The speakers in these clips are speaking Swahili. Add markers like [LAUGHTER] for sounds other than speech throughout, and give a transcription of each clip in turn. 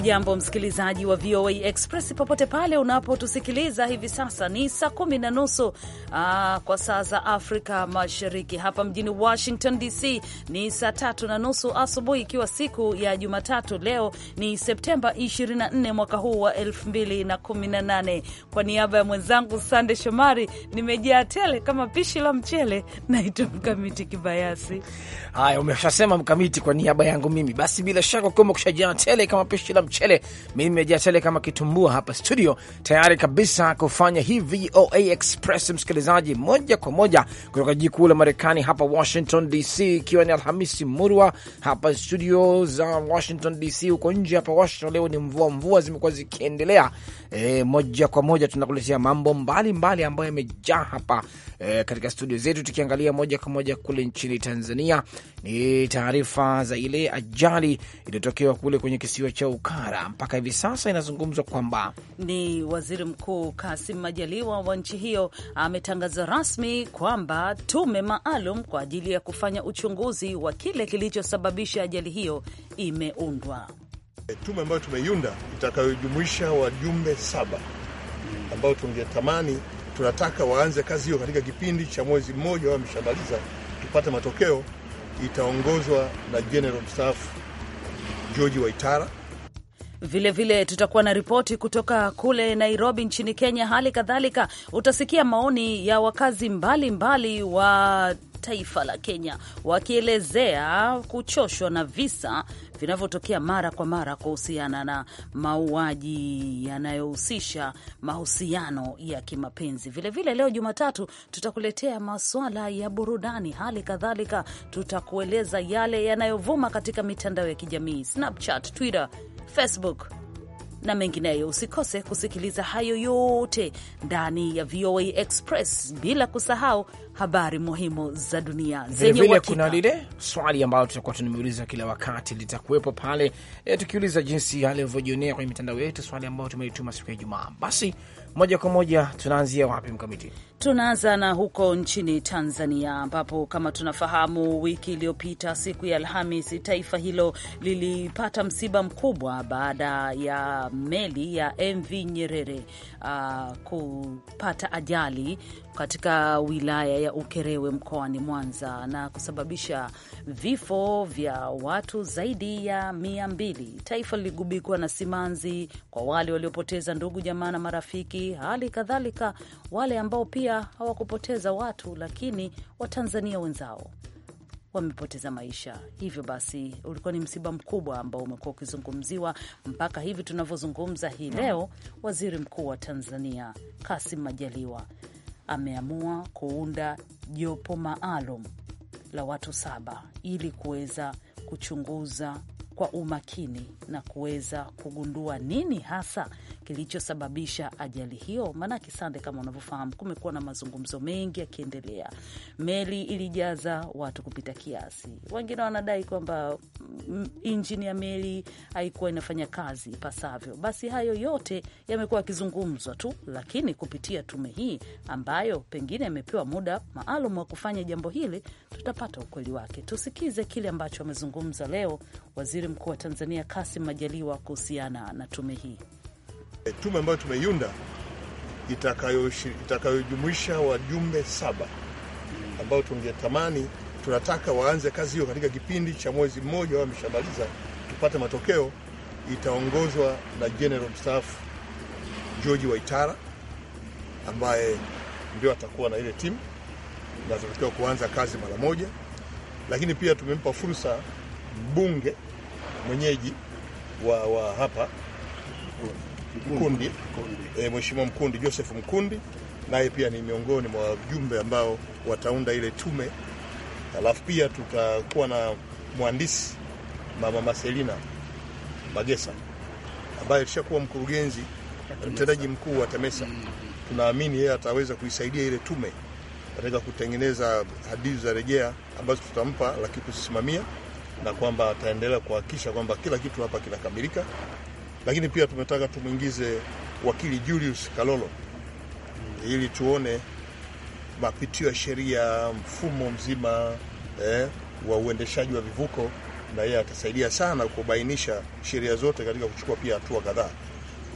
Hujambo msikilizaji wa VOA Express popote pale unapotusikiliza hivi sasa, ni saa kumi na nusu ah, kwa saa za Afrika Mashariki. Hapa mjini Washington DC ni saa tatu na nusu asubuhi, ikiwa siku ya Jumatatu. Leo ni Septemba 24 mwaka huu wa 2018. Kwa niaba ya mwenzangu Sande Shomari, nimejaa tele kama pishi la mchele. [LAUGHS] Naitwa Mkamiti Kibayasi. Haya, umeshasema Mkamiti, kwa niaba yangu mimi basi, bila shaka kushajaa tele kama pishi la mchele. Mimi nimejaa tele kama kitumbua hapa studio, tayari kabisa kufanya hii VOA Express, msikilizaji, moja kwa moja kutoka jiji kuu la Marekani hapa Washington DC, ikiwa ni Alhamisi murwa hapa studio za Washington DC. Huko nje hapa Washington leo ni mvua, mvua zimekuwa zikiendelea. E, moja kwa moja tunakuletea mambo mbalimbali mbali ambayo yamejaa hapa e, katika studio zetu, tukiangalia moja kwa moja kule nchini Tanzania ni taarifa za ile ajali iliyotokewa kule kwenye kisiwa cha Ukara. Mpaka hivi sasa inazungumzwa kwamba ni waziri mkuu Kasim Majaliwa wa nchi hiyo ametangaza rasmi kwamba tume maalum kwa ajili ya kufanya uchunguzi wa kile kilichosababisha ajali hiyo imeundwa. E, tume ambayo tumeiunda itakayojumuisha wajumbe saba ambao tungetamani tunataka waanze kazi hiyo katika kipindi cha mwezi mmoja, ameshamaliza tupate matokeo itaongozwa na General mstaafu George Waitara. Vilevile vile tutakuwa na ripoti kutoka kule Nairobi nchini Kenya. Hali kadhalika utasikia maoni ya wakazi mbalimbali mbali wa taifa la Kenya, wakielezea kuchoshwa na visa vinavyotokea mara kwa mara kuhusiana na mauaji yanayohusisha mahusiano ya kimapenzi. Vilevile vile leo Jumatatu tutakuletea maswala ya burudani, hali kadhalika tutakueleza yale yanayovuma katika mitandao ya kijamii Snapchat, Twitter, Facebook na mengineyo. Usikose kusikiliza hayo yote ndani ya VOA Express, bila kusahau habari muhimu za dunia zenye vile. Kuna lile swali ambalo tutakuwa tunameuliza kila wakati, litakuwepo pale e, tukiuliza jinsi hali kwenye mitandao yetu, swali ambayo tumeituma siku ya Ijumaa. Basi moja kwa moja tunaanzia wapi, Mkamiti? Tunaanza na huko nchini Tanzania ambapo kama tunafahamu, wiki iliyopita siku ya alhamis taifa hilo lilipata msiba mkubwa baada ya meli ya MV Nyerere uh, kupata ajali katika wilaya ya Ukerewe mkoani Mwanza na kusababisha vifo vya watu zaidi ya mia mbili. Taifa liligubikwa na simanzi kwa wale waliopoteza ndugu, jamaa na marafiki, hali kadhalika wale ambao pia pia hawakupoteza watu, lakini Watanzania wenzao wamepoteza maisha. Hivyo basi ulikuwa ni msiba mkubwa ambao umekuwa ukizungumziwa mpaka hivi tunavyozungumza hii leo. Waziri Mkuu wa Tanzania Kassim Majaliwa ameamua kuunda jopo maalum la watu saba ili kuweza kuchunguza kwa umakini na kuweza kugundua nini hasa kilichosababisha ajali hiyo. Maanake Sande, kama unavyofahamu, kumekuwa na mazungumzo mengi yakiendelea. Meli ilijaza watu kupita kiasi, wengine wanadai kwamba mm, injini ya meli haikuwa inafanya kazi ipasavyo. Basi hayo yote yamekuwa yakizungumzwa tu, lakini kupitia tume hii ambayo pengine amepewa muda maalum wa kufanya jambo hili, tutapata ukweli wake. Tusikize kile ambacho amezungumza leo Waziri Mkuu wa Tanzania Kasim Majaliwa kuhusiana na tume hii tume ambayo tumeiunda itakayojumuisha itakayo wajumbe saba ambao tungetamani tunataka waanze kazi hiyo katika kipindi cha mwezi mmoja, wao ameshamaliza tupate matokeo. Itaongozwa na General mstaafu George Waitara ambaye ndio atakuwa na ile timu na atatakiwa kuanza kazi mara moja, lakini pia tumempa fursa mbunge mwenyeji wa, wa hapa Mkundi, e, Mheshimiwa Mkundi Joseph Mkundi naye pia ni miongoni mwa wajumbe ambao wataunda ile tume, alafu pia tutakuwa na mhandisi mama Marcelina Magesa ambaye alishakuwa mkurugenzi mtendaji mkuu wa TEMESA. Mm-hmm. Tunaamini yeye ataweza kuisaidia ile tume katika kutengeneza hadithi za rejea ambazo tutampa, lakini kuzisimamia na kwamba ataendelea kuhakikisha kwamba kila kitu hapa kinakamilika lakini pia tumetaka tumwingize wakili Julius Kalolo ili tuone mapitio ya sheria, mfumo mzima eh, wa uendeshaji wa vivuko, na yeye atasaidia sana kubainisha sheria zote katika kuchukua pia hatua kadhaa.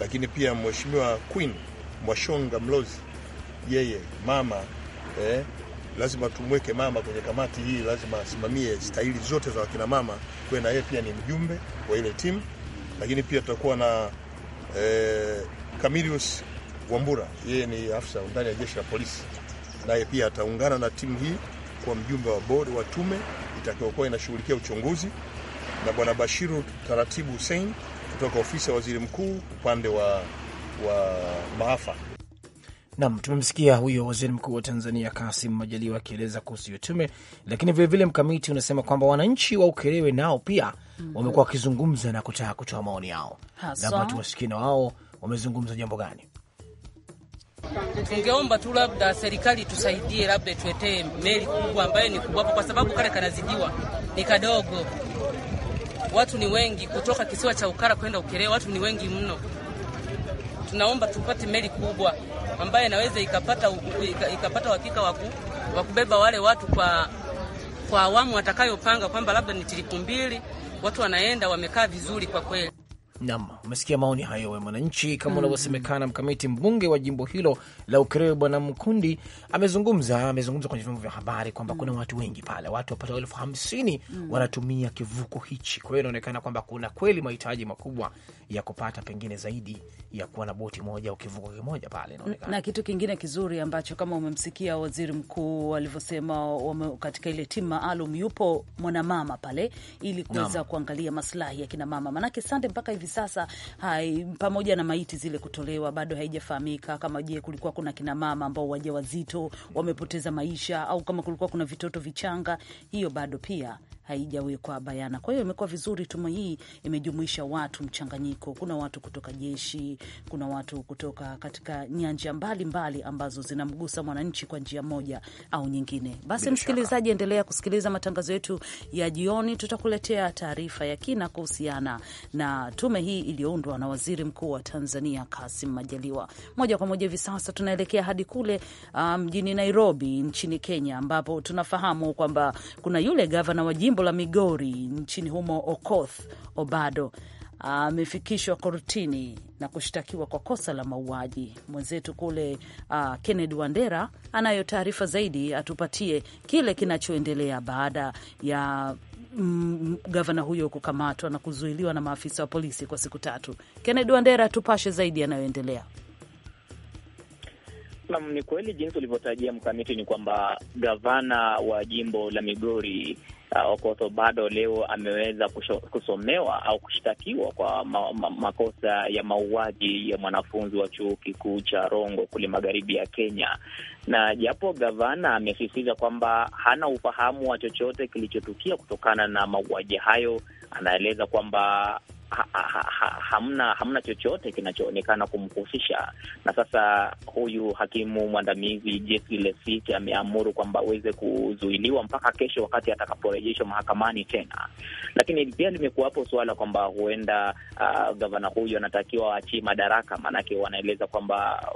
Lakini pia Mheshimiwa Queen Mwashonga Mlozi, yeye mama eh, lazima tumweke mama kwenye kamati hii, lazima asimamie stahili zote za wakina mama, kwa na yeye pia ni mjumbe wa ile timu lakini pia tutakuwa na eh, Wambura, yeye ni afisa ndani ya jeshi la polisi, naye pia ataungana na timu hii kwa mjumbe wa bodi wa tume itakayokuwa inashughulikia uchunguzi, na bwana Bashiru Taratibu Hussein kutoka ofisi ya waziri mkuu upande wa, wa maafa. Nam, tumemsikia huyo waziri mkuu wa Tanzania Kasim Majaliwa akieleza kuhusu hiyo tume, lakini vilevile Mkamiti unasema kwamba wananchi wa Ukerewe nao pia wamekuwa wakizungumza na kutaka kutoa maoni yao, labda tuwasikie na wao wamezungumza jambo gani. Tungeomba tu labda serikali itusaidie, labda ituetee meli kubwa ambayo ni kubwa hapo, kwa sababu kale kanazidiwa ni kadogo, watu ni wengi. Kutoka kisiwa cha Ukara kwenda Ukerewe watu ni wengi mno tunaomba tupate meli kubwa ambayo inaweza ikapata ikapata uhakika wa kubeba wale watu kwa kwa awamu watakayopanga kwamba labda ni tiripu mbili, watu wanaenda wamekaa vizuri kwa kweli. Nam, umesikia maoni hayo we mwananchi, kama mm. unavyosemekana. Mkamiti mbunge wa jimbo hilo la Ukerewe Bwana Mkundi amezungumza amezungumza kwenye vyombo vya habari kwamba mm. kuna watu wengi pale, watu wapatao elfu hamsini mm. wanatumia kivuko hichi. Kwa hiyo inaonekana kwamba kuna kweli mahitaji makubwa ya kupata pengine zaidi ya kuwa na boti moja au kivuko kimoja pale, inaonekana. Na kitu kingine kizuri ambacho kama umemsikia waziri mkuu alivyosema, katika ile timu maalum yupo mwanamama pale ili kuweza kuangalia maslahi ya kinamama, manake sande mpaka hivi hivi sasa hai, pamoja na maiti zile kutolewa bado haijafahamika kama je, kulikuwa kuna kina mama ambao wazito wamepoteza maisha au kama kulikuwa kuna vitoto vichanga, hiyo bado pia haijawekwa bayana. Kwa hiyo imekuwa vizuri, tume hii imejumuisha watu mchanganyiko, kuna watu kutoka jeshi, kuna watu kutoka katika nyanja mbalimbali mbali ambazo zinamgusa mwananchi kwa njia moja au nyingine. Basi msikilizaji, endelea kusikiliza matangazo yetu ya jioni, tutakuletea taarifa ya kina kuhusiana na tume hii iliyoundwa na Waziri Mkuu wa Tanzania Kasim Majaliwa. Moja kwa moja hivi sasa tunaelekea hadi kule uh, mjini um, Nairobi nchini Kenya, ambapo tunafahamu kwamba kuna yule gavana wa jimbo jimbo la Migori nchini humo, Okoth Obado amefikishwa kortini na kushtakiwa kwa kosa la mauaji. Mwenzetu kule uh, Kennedy Wandera anayo taarifa zaidi, atupatie kile kinachoendelea baada ya mm, gavana huyo kukamatwa na kuzuiliwa na maafisa wa polisi kwa siku tatu. Kennedy Wandera, tupashe zaidi yanayoendelea. Nam, ni kweli jinsi ulivyotarajia mkamiti, ni kwamba gavana wa jimbo la Migori uh, Okoth Obado leo ameweza kusho, kusomewa au kushtakiwa kwa ma, ma, makosa ya mauaji ya mwanafunzi wa chuo kikuu cha Rongo kule magharibi ya Kenya, na japo gavana amesisitiza kwamba hana ufahamu wa chochote kilichotukia kutokana na mauaji hayo, anaeleza kwamba ha, ha, ha, hamna hamna chochote kinachoonekana kumhusisha. Na sasa huyu hakimu mwandamizi Jesi Lesiti ameamuru kwamba aweze kuzuiliwa mpaka kesho, wakati atakaporejeshwa mahakamani tena. Lakini pia limekuwapo suala kwamba huenda uh, gavana huyu anatakiwa waachie madaraka, maanake wanaeleza kwamba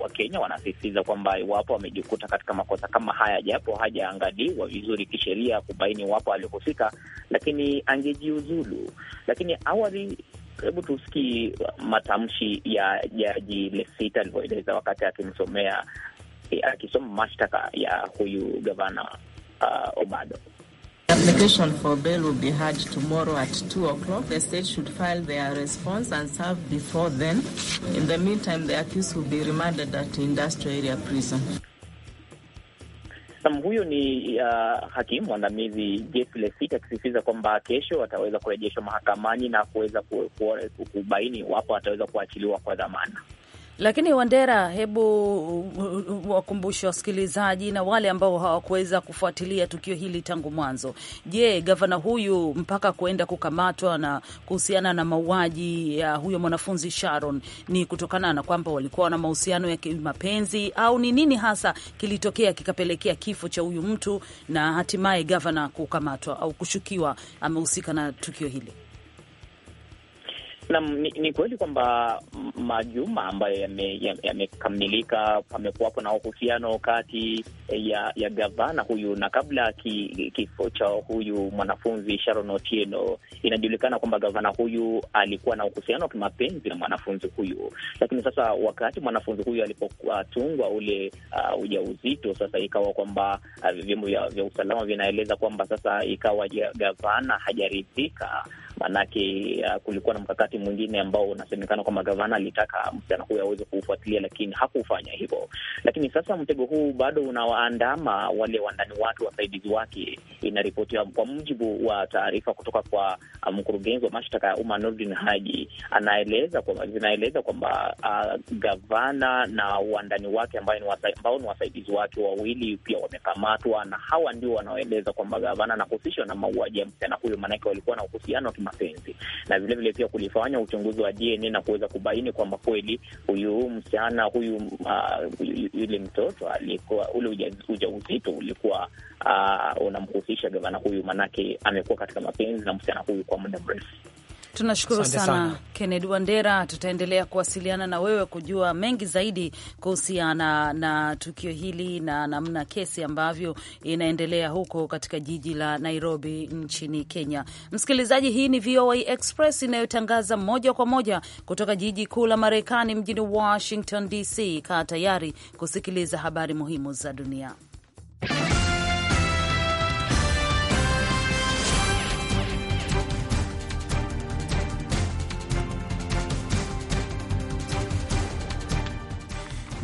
Wakenya wanasisitiza kwamba iwapo wamejikuta katika makosa kama haya, japo hajaangaliwa vizuri kisheria kubaini iwapo alihusika, lakini angejiuzulu. Lakini awali Shomari, hebu tusikie matamshi ya jaji Lesita alivyoeleza wakati akimsomea akisoma mashtaka ya huyu gavana uh, Obado. Application for bail will be heard tomorrow at 2 o'clock. The state should file their response and serve before then. In the meantime, the accused will be remanded at industrial area prison. Nam huyo ni uh, hakimu mwandamizi Jeff Lesit akisisitiza kwamba kesho ataweza kurejeshwa mahakamani na kuweza kubaini iwapo ataweza kuachiliwa kwa dhamana. Lakini Wandera, hebu wakumbushe wasikilizaji na wale ambao hawakuweza kufuatilia tukio hili tangu mwanzo. Je, gavana huyu mpaka kuenda kukamatwa na kuhusiana na mauaji ya huyo mwanafunzi Sharon, ni kutokana na kwamba walikuwa na mahusiano ya kimapenzi au ni nini hasa kilitokea kikapelekea kifo cha huyu mtu na hatimaye gavana kukamatwa au kushukiwa amehusika na tukio hili? nam ni, ni kweli kwamba majuma ambayo yamekamilika ya pamekuwapo na uhusiano kati ya ya gavana huyu na kabla ki, kifo cha huyu mwanafunzi Sharon Otieno. Inajulikana kwamba gavana huyu alikuwa na uhusiano wa kimapenzi na mwanafunzi huyu, lakini sasa wakati mwanafunzi huyu alipotungwa ule uh, ujauzito, sasa ikawa kwamba uh, vyombo vya usalama vinaeleza kwamba sasa ikawa gavana hajaridhika maanake uh, kulikuwa na mkakati mwingine ambao unasemekana kwamba gavana alitaka msichana huyu aweze kuufuatilia, lakini hakufanya hivyo. Lakini sasa mtego huu bado unawaandama wale wandani wake, wasaidizi wake, inaripotiwa kwa mujibu wa taarifa kutoka kwa uh, mkurugenzi wa mashtaka ya umma Nordin Haji, anaeleza kwamba zinaeleza kwamba uh, gavana na wandani wake ambao ni wasa, wasaidizi wake wawili pia wamekamatwa, na hawa ndio wanaoeleza kwamba gavana anahusishwa na mauaji ya msichana huyo, maanake walikuwa na uhusiano mapenzi, na vilevile vile pia kulifanya uchunguzi wa DNA na kuweza kubaini kwamba kweli huyu msichana huyu, uh, yule mtoto alikuwa ule uja, ulikuwa uh, unamhusisha gavana huyu, manake amekuwa katika mapenzi na msichana huyu kwa muda mrefu. Tunashukuru sana, sana. Kennedy Wandera, tutaendelea kuwasiliana na wewe kujua mengi zaidi kuhusiana na tukio hili na namna kesi ambavyo inaendelea huko katika jiji la Nairobi nchini Kenya. Msikilizaji, hii ni VOA Express inayotangaza moja kwa moja kutoka jiji kuu la Marekani mjini Washington DC. Kaa tayari kusikiliza habari muhimu za dunia.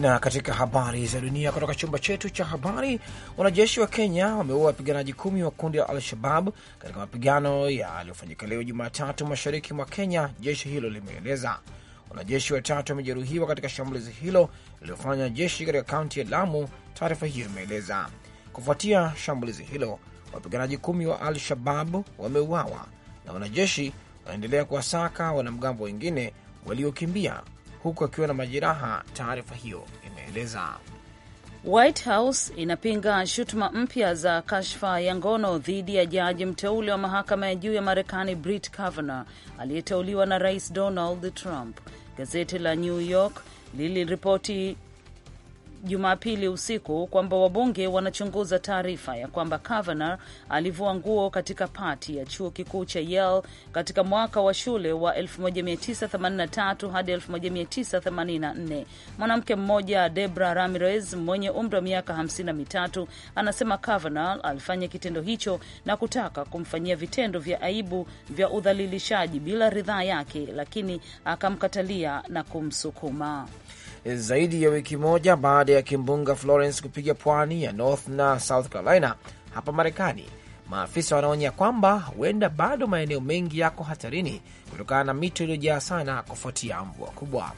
Na katika habari za dunia kutoka chumba chetu cha habari, wanajeshi wa Kenya wameua wapiganaji kumi wa kundi la Al-Shabab katika mapigano yaliyofanyika leo Jumatatu mashariki mwa Kenya, jeshi hilo limeeleza. Wanajeshi watatu wamejeruhiwa katika shambulizi hilo lililofanya jeshi katika kaunti ya Lamu, taarifa hiyo imeeleza. Kufuatia shambulizi hilo, wapiganaji kumi wa Al-Shabab wameuawa na wanajeshi wanaendelea kuwasaka wanamgambo wengine waliokimbia huku akiwa na majeraha, taarifa hiyo imeeleza. White House inapinga shutuma mpya za kashfa ya ngono dhidi ya jaji mteule wa mahakama ya juu ya Marekani Brett Kavanaugh aliyeteuliwa na Rais Donald Trump. Gazeti la New York liliripoti Jumapili usiku kwamba wabunge wanachunguza taarifa ya kwamba Kavanaugh alivua nguo katika pati ya chuo kikuu cha Yale katika mwaka wa shule wa 1983 hadi 1984. Mwanamke mmoja Debra Ramirez mwenye umri wa miaka 53 anasema Kavanaugh alifanya kitendo hicho na kutaka kumfanyia vitendo vya aibu vya udhalilishaji bila ridhaa yake, lakini akamkatalia na kumsukuma. Eh, zaidi ya wiki moja baada ya kimbunga Florence kupiga pwani ya North na South Carolina hapa Marekani, maafisa wanaonya kwamba huenda bado maeneo mengi yako hatarini kutokana na mito iliyojaa sana kufuatia mvua kubwa.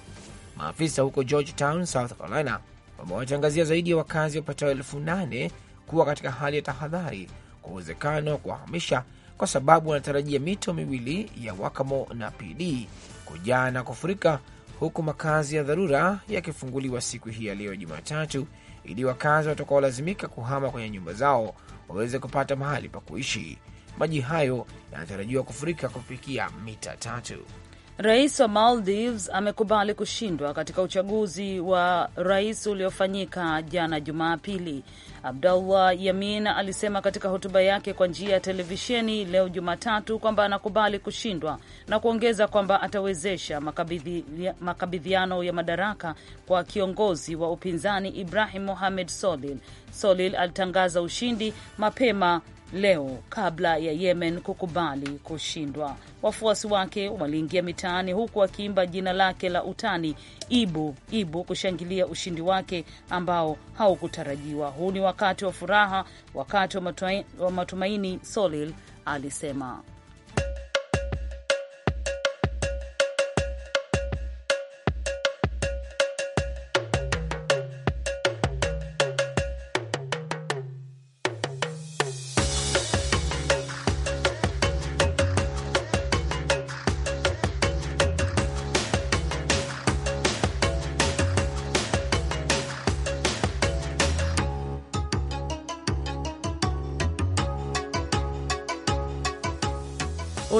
Maafisa huko Georgetown, South Carolina, wamewatangazia zaidi ya wakazi wapatao elfu nane kuwa katika hali ya tahadhari kwa uwezekano wa kuwahamisha kwa sababu wanatarajia mito miwili ya Wakamo na PD kujaa na kufurika huku makazi ya dharura yakifunguliwa siku hii ya leo Jumatatu ili wakazi watakaolazimika kuhama kwenye nyumba zao waweze kupata mahali pa kuishi. Maji hayo yanatarajiwa kufurika kufikia mita tatu. Rais wa Maldives amekubali kushindwa katika uchaguzi wa rais uliofanyika jana Jumapili. Abdullah Yamin alisema katika hotuba yake kwa njia ya televisheni leo Jumatatu kwamba anakubali kushindwa na kuongeza kwamba atawezesha makabidhiano ya madaraka kwa kiongozi wa upinzani Ibrahim Mohamed Solil. Solil alitangaza ushindi mapema leo kabla ya Yemen kukubali kushindwa. Wafuasi wake waliingia mitaani huku wakiimba jina lake la utani Ibu Ibu kushangilia ushindi wake ambao haukutarajiwa. Huu ni wakati wa furaha, wakati wa matumaini, Solil alisema.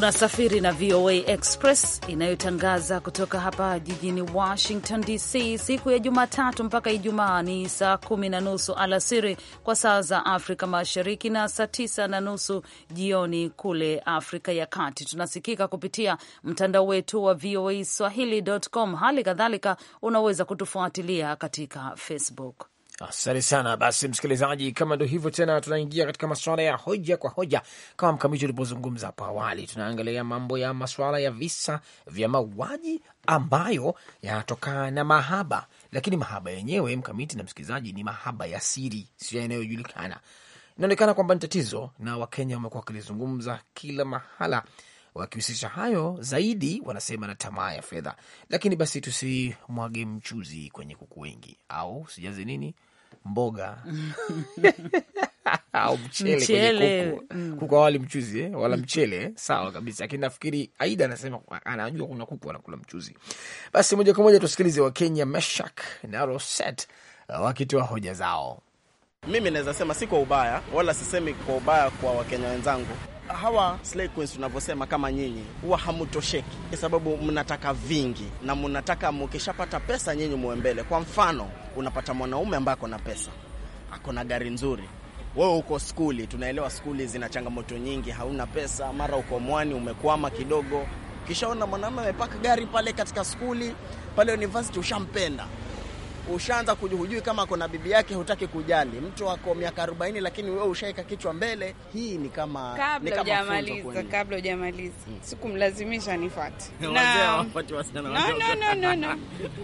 Unasafiri na VOA Express inayotangaza kutoka hapa jijini Washington DC, siku ya Jumatatu mpaka Ijumaa ni saa kumi na nusu alasiri kwa saa za Afrika Mashariki na saa tisa na nusu jioni kule Afrika ya Kati. Tunasikika kupitia mtandao wetu wa VOA Swahili.com. Hali kadhalika unaweza kutufuatilia katika Facebook. Asante sana. Basi msikilizaji, kama ndo hivyo tena, tunaingia katika masuala ya hoja kwa hoja. Kama mkamiti ulipozungumza hapo awali, tunaangalia mambo ya masuala ya visa vya mauaji ambayo yanatokana na mahaba, lakini mahaba yenyewe mkamiti na msikilizaji ni mahaba ya siri, sio yanayojulikana. Inaonekana kwamba ni tatizo, na Wakenya wamekuwa wakilizungumza kila mahala, wakihusisha hayo zaidi, wanasema na tamaa ya fedha. Lakini basi tusimwage mchuzi kwenye kuku wengi, au sijazi nini mboga [LAUGHS] au mchele, mchele. Kwenye kuku. Mm. Kuku awali mchuzi eh? wala mm. mchele eh? Sawa kabisa, lakini nafikiri Aida anasema anajua kuna kuku wanakula mchuzi. Basi moja kwa moja tusikilize Wakenya Meshak na Roset wakitoa hoja zao. Mimi naweza sema si kwa ubaya, wala sisemi kwa ubaya kwa wakenya wenzangu hawa slay queens tunavyosema, kama nyinyi huwa hamutosheki, kwa sababu mnataka vingi na mnataka mkishapata pesa nyinyi muwe mbele. Kwa mfano, unapata mwanaume ambaye ako na pesa, ako na gari nzuri, wewe uko skuli, tunaelewa skuli zina changamoto nyingi, hauna pesa, mara uko mwani, umekwama kidogo, kishaona mwanaume amepaka gari pale katika skuli pale university, ushampenda ushaanza kujuhujui kama kuna bibi yake, hutaki kujali mtu wako miaka 40, lakini wewe ushaika kichwa mbele. Hii ni kama kabla hujamaliza kabla hujamaliza hmm. Sikumlazimisha nifuate [LAUGHS] na... no, no, no, no.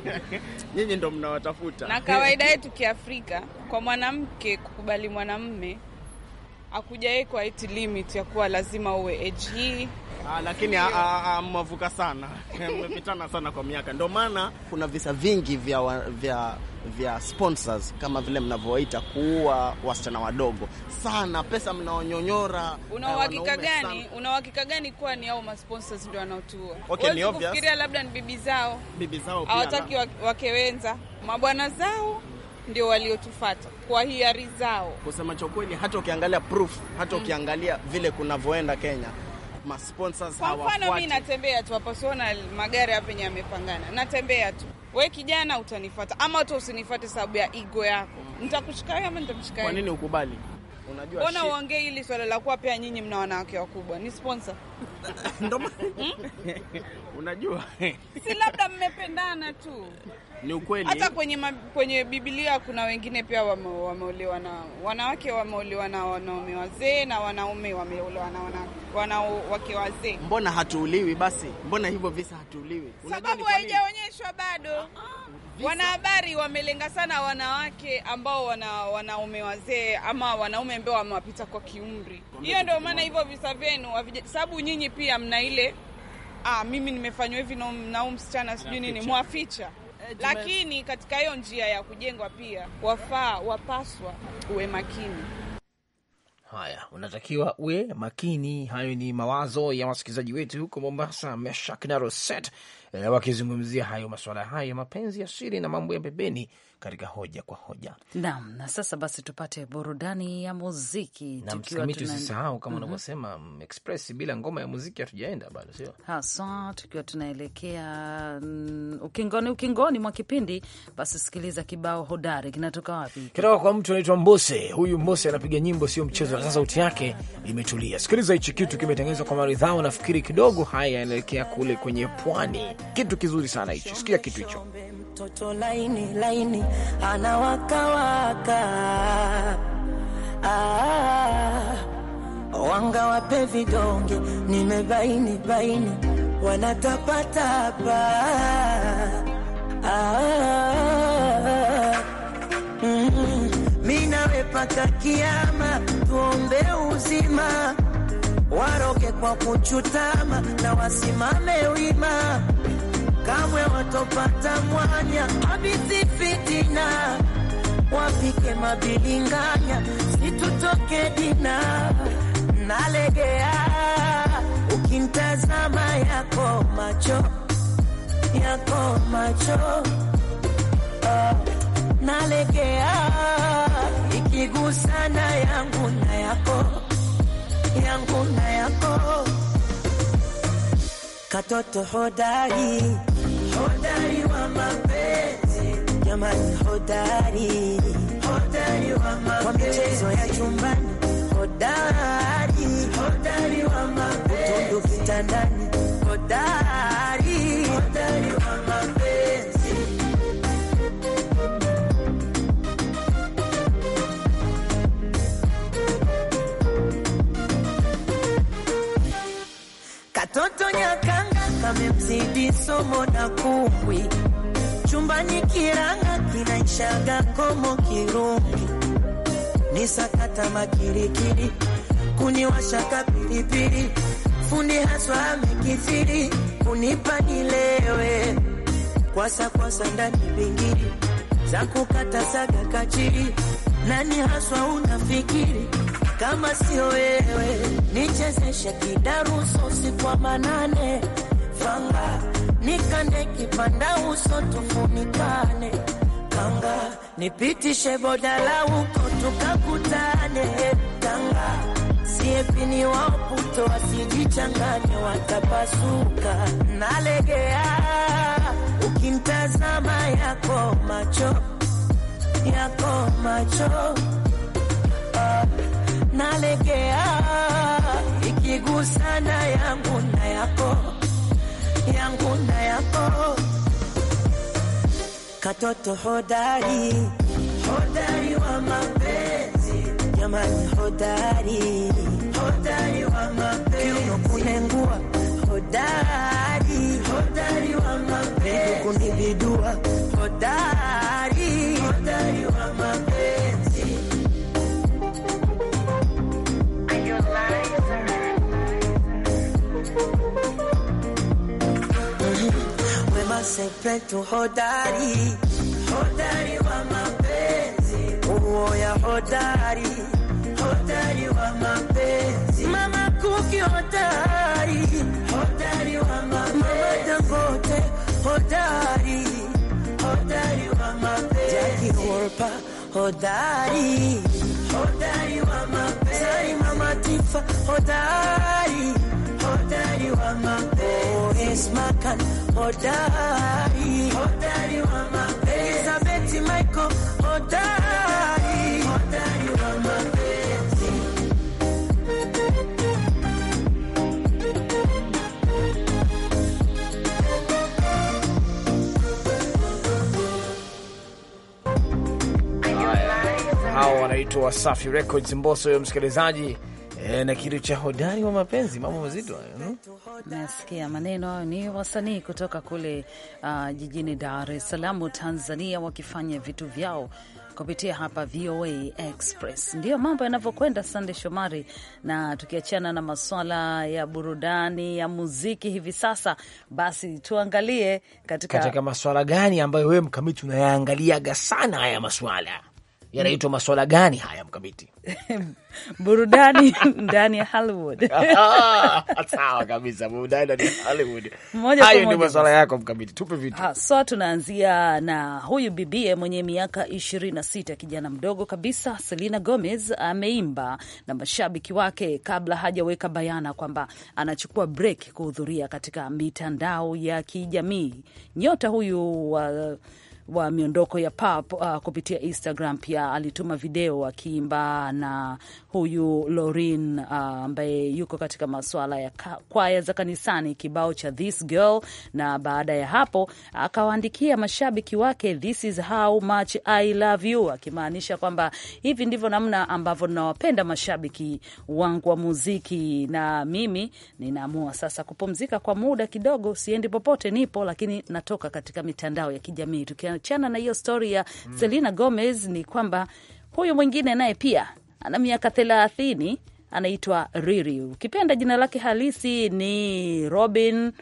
[LAUGHS] Nyinyi ndo mnawatafuta na kawaida yetu Kiafrika kwa mwanamke kukubali mwanamme hakujawekwa eti limit ya kuwa lazima uwe age hii. Ah, lakini mmevuka sana amepitana [LAUGHS] sana kwa miaka, ndio maana kuna visa vingi vya, wa, vya, vya sponsors kama vile mnavyoita kuua wasichana wadogo sana, pesa mnaonyonyora. Eh, Una uhakika gani? Una uhakika gani kuwa ni hao masponsors ndio wanaotua? Okay, ni obvious. Fikiria labda ni bibi zao, bibi zao hawataki wakewenza mabwana zao ndio waliotufata kwa hiari zao. Kusema cha kweli, hata ukiangalia proof, hata mm. ukiangalia mm, vile kunavyoenda Kenya masponsors hawafuati. Kwa mfano mimi natembea tu hapa, siona magari hapa yenye yamepangana, natembea tu We kijana, utanifata ama hata usinifate, sababu ya ego yako. Mm. Nitakushika wewe ama nitamshika Kwa nini ukubali? unajua mbona uongee hili swala la kuwa pia nyinyi mna wanawake wakubwa ni sponsor [LAUGHS] ndo hmm? [LAUGHS] unajua si labda mmependana tu ni ukweli hata kwenye ma, kwenye Biblia kuna wengine pia wameolewa na wanawake wameolewa na wanaume wazee na wanaume wameolewa na wanawake wazee mbona hatuuliwi basi mbona hivyo visa hatuuliwi sababu haijaonyeshwa bado uh ah, -huh. Ah. Wanahabari wamelenga sana wanawake ambao wana wanaume wazee ama wanaume ambao wamewapita kwa kiumri. Hiyo ndio maana hivyo visa vyenu, sababu nyinyi pia mna ile ah, mimi nimefanywa hivi na huyu msichana sijui nini, mwaficha eh, lakini katika hiyo njia ya kujengwa pia wafaa wapaswa uwe makini. Haya, unatakiwa uwe makini. Hayo ni mawazo ya wasikilizaji wetu huko Mombasa, Meshak na Roset Eh, wakizungumzia hayo masuala hayo ya mapenzi ya siri na mambo ya pembeni katika hoja kwa hoja. Naam, na sasa basi tupate burudani ya muziki tuna... Usisahau kama mhm. unavyosema mm -hmm. Express bila ngoma ya muziki hatujaenda bado, sio haswa, tukiwa tunaelekea mm, ukingoni ukingoni mwa kipindi. Basi sikiliza kibao hodari kinatoka wapi? Kinatoka kwa mtu anaitwa Mbose. Huyu Mbose anapiga nyimbo sio mchezo, na sauti yake imetulia. Sikiliza hichi kitu, kimetengenezwa kwa maridhao, nafikiri kidogo. Haya, yanaelekea kule kwenye pwani, kitu kizuri sana hichi. Sikia kitu hicho mtoto laini laini anawakawaka ah, wanga wape vidonge nimebaini baini wanatapatapa ah, mm, mi paka kiama tuombe uzima waroge kwa kuchutama na wasimame wima kamwe watopata mwanya, mabisi fitina wapike mabilinganya, situtoke dina nalegea, ukintazama yako macho yako macho uh, nalegea, ikigusana yangu na yako yangu na yako katoto hodari hodari wa mapenzi jamani, hodari hodari wa mapenzi kwa michezo ya chumbani, hodari hodari wa mapenzi utundu kitandani, hodari hodari nazidi somo na kumbwi chumbani, kiranga kinaishaga komo kirumbi, nisakata makirikiri kuniwashaka pilipili, fundi haswa amekithiri kunipa nilewe kwasa kwasa ndani bingiri za kukata saga kachiri, nani haswa unafikiri kama sio wewe? Nichezeshe kidaruso si kwa manane panga nikande kipanda uso tufunikane kanga nipitishe la uko tukakutane kanga siepini waputo wasijichanganye watapasuka nalegea ukintazama yako macho yako macho uh, nalegea ikigusana yangu na yako yangu na yako, katoto hodari, hodari wa mapenzi jamani, hodari, hodari wa mapenzi unokunengua, hodari, hodari wa mapenzi kunibidua, hodari, hodari wa mapenzi Sepetu hodari, hodari wa mapenzi, uoya hodari, hodari wa mapenzi, Mama Kuki hodari, hodari wa mapenzi, Mama Dangote hodari, hodari wa mapenzi, Jackie Wolper hodari, hodari wa mapenzi, Mama Tifa hodari hodari wanaitwa Wasafi Records Mboso, huyo msikilizaji E, na kitu cha hodari wa mapenzi, mambo mazito hayo. Nasikia maneno hayo. Ni wasanii kutoka kule uh, jijini Dar es Salaam Tanzania, wakifanya vitu vyao kupitia hapa VOA Express. Ndiyo mambo yanavyokwenda, Sande Shomari. Na tukiachana na maswala ya burudani ya muziki hivi sasa, basi tuangalie katika, katika maswala gani ambayo wewe mkamiti unayaangaliaga sana haya maswala yanaitwa maswala gani haya mkamiti? [LAUGHS] burudani [LAUGHS] ndani ya Hollywood. [LAUGHS] Ah, sawa kabisa, burudani ndani ya Hollywood. Hayo ndio maswala yako mkamiti, tupe vitu haswa. Ah, so, tunaanzia na huyu bibie mwenye miaka ishirini na sita, kijana mdogo kabisa, Selena Gomez ameimba na mashabiki wake kabla hajaweka bayana kwamba anachukua break kuhudhuria katika mitandao ya kijamii. Nyota huyu wa uh, wa miondoko ya pop uh, kupitia Instagram pia alituma video akiimba na huyu Lorin uh, ambaye uh, yuko katika masuala ya kwaya za kanisani, kibao cha This Girl, na baada ya hapo akawaandikia mashabiki wake This is how much I love you, akimaanisha kwamba hivi ndivyo namna ambavyo ninawapenda mashabiki wangu wa muziki, na mimi ninaamua sasa kupumzika kwa muda kidogo, siendi popote, nipo lakini natoka katika mitandao ya kijamii tukia tunaachana na hiyo stori ya mm. Selena Gomez ni kwamba huyu mwingine naye pia ana miaka thelathini, anaitwa Riri, ukipenda jina lake halisi ni Robin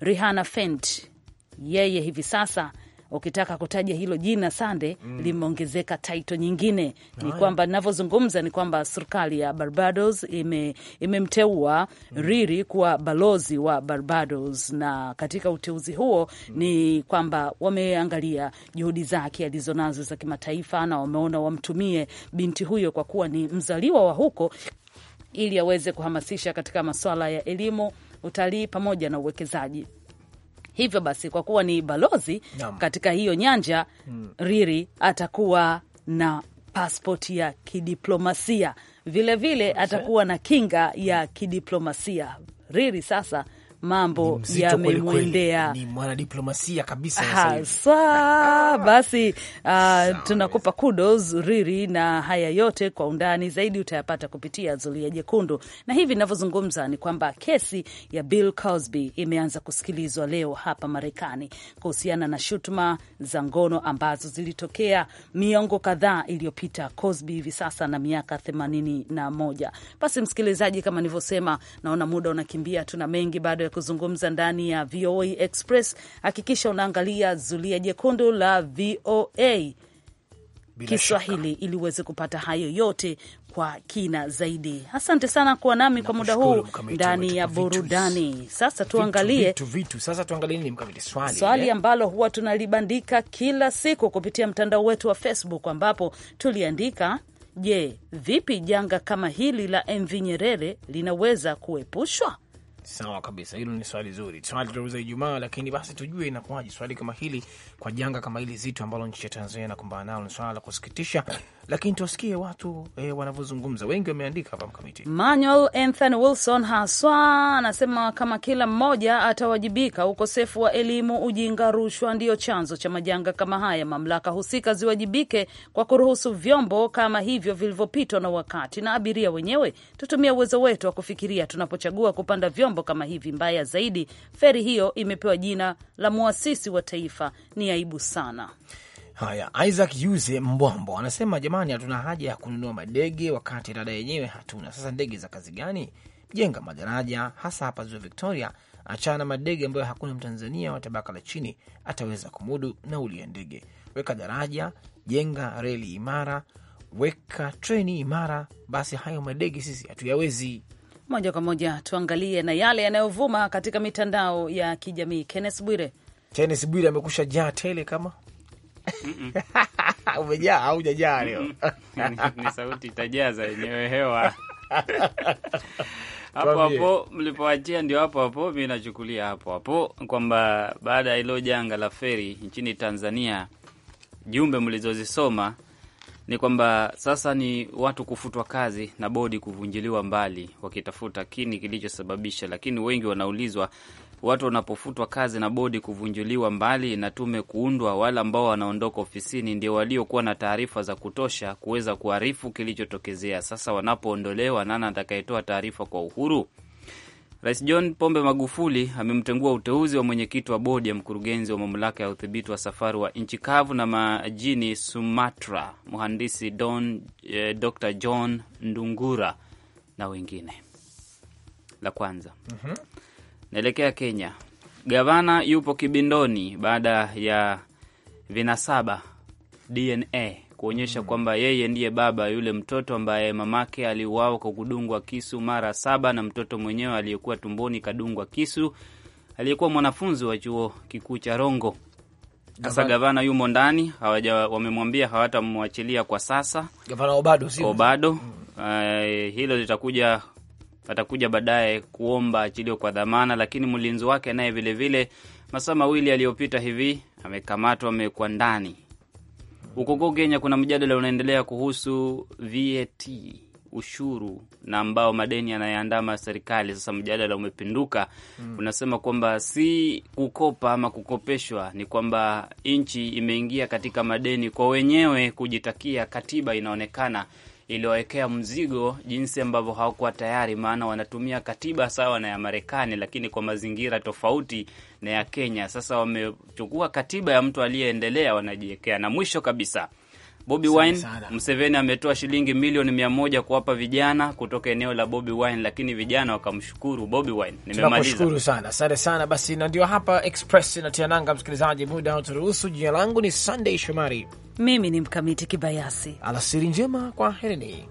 Rihanna Fent. Yeye hivi sasa ukitaka kutaja hilo jina Sande, mm. limeongezeka taito nyingine ni kwamba navyozungumza ni kwamba serikali ya Barbados imemteua ime mm. Riri kuwa balozi wa Barbados, na katika uteuzi huo mm. ni kwamba wameangalia juhudi zake alizonazo za kimataifa na wameona wamtumie binti huyo kwa kuwa ni mzaliwa wa huko ili aweze kuhamasisha katika masuala ya elimu, utalii pamoja na uwekezaji. Hivyo basi kwa kuwa ni balozi Nama. katika hiyo nyanja hmm. Riri atakuwa na paspoti ya kidiplomasia vilevile vile, atakuwa na kinga ya kidiplomasia Riri sasa mambo yamemwendea, ni mwanadiplomasia kabisa hasa. [LAUGHS] Basi uh, tunakupa kudos Riri, na haya yote kwa undani zaidi utayapata kupitia Zulia Jekundu, na hivi ninavyozungumza ni kwamba kesi ya Bill Cosby imeanza kusikilizwa leo hapa Marekani kuhusiana na shutuma za ngono ambazo zilitokea miongo kadhaa iliyopita. Cosby hivi sasa na miaka themanini na moja. Basi msikilizaji, kama nilivyosema, naona muda unakimbia, tuna mengi bado kuzungumza ndani ya VOA Express, hakikisha unaangalia zulia jekundu la VOA bila Kiswahili shaka, ili uweze kupata hayo yote kwa kina zaidi. Asante sana kuwa nami na kwa muda huu ndani ya burudani. Sasa tuangalie vitu, vitu, Sasa tuangalie nini mkamiti, swali, swali eh? ambalo huwa tunalibandika kila siku kupitia mtandao wetu wa Facebook ambapo tuliandika Je, vipi janga kama hili la MV Nyerere linaweza kuepushwa? Sawa kabisa, hilo ni swali zuri, swali tutauza Ijumaa. Lakini basi tujue inakuwaje swali kama hili, kwa janga kama hili zito ambalo nchi ya Tanzania inakumbana nalo, ni swala la kusikitisha, lakini tuwasikie watu eh, wanavyozungumza. Wengi wameandika hapa mkamiti. Manuel Anthony Wilson haswa anasema kama kila mmoja atawajibika, ukosefu wa elimu, ujinga, rushwa ndiyo chanzo cha majanga kama haya. Mamlaka husika ziwajibike kwa kuruhusu vyombo kama hivyo vilivyopitwa na wakati, na abiria wenyewe tutumie uwezo wetu wa kufikiria tunapochagua kupanda vyombo mambo kama hivi. Mbaya zaidi, feri hiyo imepewa jina la mwasisi wa taifa. Ni aibu sana. Haya, Isaac Yuze Mbwambo anasema jamani, hatuna haja ya kununua madege wakati rada yenyewe hatuna. Sasa ndege za kazi gani? Jenga madaraja, hasa hapa ziwa Victoria. Achana na madege ambayo hakuna mtanzania wa tabaka la chini ataweza kumudu nauli ya ndege. Weka daraja, jenga reli imara, weka treni imara, basi hayo madege sisi hatuyawezi. Moja kwa moja tuangalie na yale yanayovuma katika mitandao ya kijamii. Kenneth Bwire, Kenneth Bwire amekusha jaa tele kama [LAUGHS] umejaa au hujajaa leo? [LAUGHS] Ni sauti itajaza yenyewe hewa [LAUGHS] hapo hapo mlipoachia ndio hapo hapo. Mi nachukulia hapo hapo kwamba baada ya ilo janga la feri nchini Tanzania, jumbe mlizozisoma ni kwamba sasa ni watu kufutwa kazi na bodi kuvunjiliwa mbali, wakitafuta kini kilichosababisha. Lakini wengi wanaulizwa, watu wanapofutwa kazi na bodi kuvunjiliwa mbali na tume kuundwa, wale ambao wanaondoka ofisini ndio waliokuwa na taarifa za kutosha kuweza kuarifu kilichotokezea. Sasa wanapoondolewa, nani atakayetoa taarifa kwa uhuru? Rais John Pombe Magufuli amemtengua uteuzi wa mwenyekiti wa bodi ya mkurugenzi wa mamlaka ya udhibiti wa safari wa nchi kavu na majini Sumatra, mhandisi Don, eh, Dr John Ndungura na wengine. La kwanza mm -hmm. Naelekea Kenya. Gavana yupo kibindoni baada ya vinasaba DNA kuonyesha kwamba yeye ndiye baba yule mtoto ambaye mamake aliuawa kwa kudungwa kisu mara saba na mtoto mwenyewe aliyekuwa tumboni kadungwa kisu, aliyekuwa mwanafunzi wa chuo kikuu cha Rongo. Sasa gavana yumo ndani, hawaja wamemwambia hawatamwachilia kwa sasa, gavana Obado, Obado. Mm. Uh, hilo litakuja atakuja baadaye kuomba achilio kwa dhamana, lakini mlinzi wake naye vilevile masaa mawili aliyopita hivi amekamatwa, amewekwa ndani ukoko Kenya kuna mjadala unaendelea kuhusu VAT ushuru na ambao madeni yanayoandama serikali. Sasa mjadala umepinduka mm. Unasema kwamba si kukopa ama kukopeshwa, ni kwamba nchi imeingia katika madeni kwa wenyewe kujitakia. Katiba inaonekana iliwawekea mzigo jinsi ambavyo hawakuwa tayari, maana wanatumia katiba sawa na ya Marekani, lakini kwa mazingira tofauti na ya Kenya. Sasa wamechukua katiba ya mtu aliyeendelea, wanajiwekea. Na mwisho kabisa Bobi Wine, Mseveni ametoa shilingi milioni mia moja kuwapa vijana kutoka eneo la Bobi Wine, lakini vijana wakamshukuru Bobi Wine. Nimemaliza sana, asante sana. Basi na ndio hapa Express inatia nanga, msikilizaji, muda anaturuhusu. Jina langu ni Sunday Shomari mimi ni Mkamiti Kibayasi, alasiri njema, kwa herini.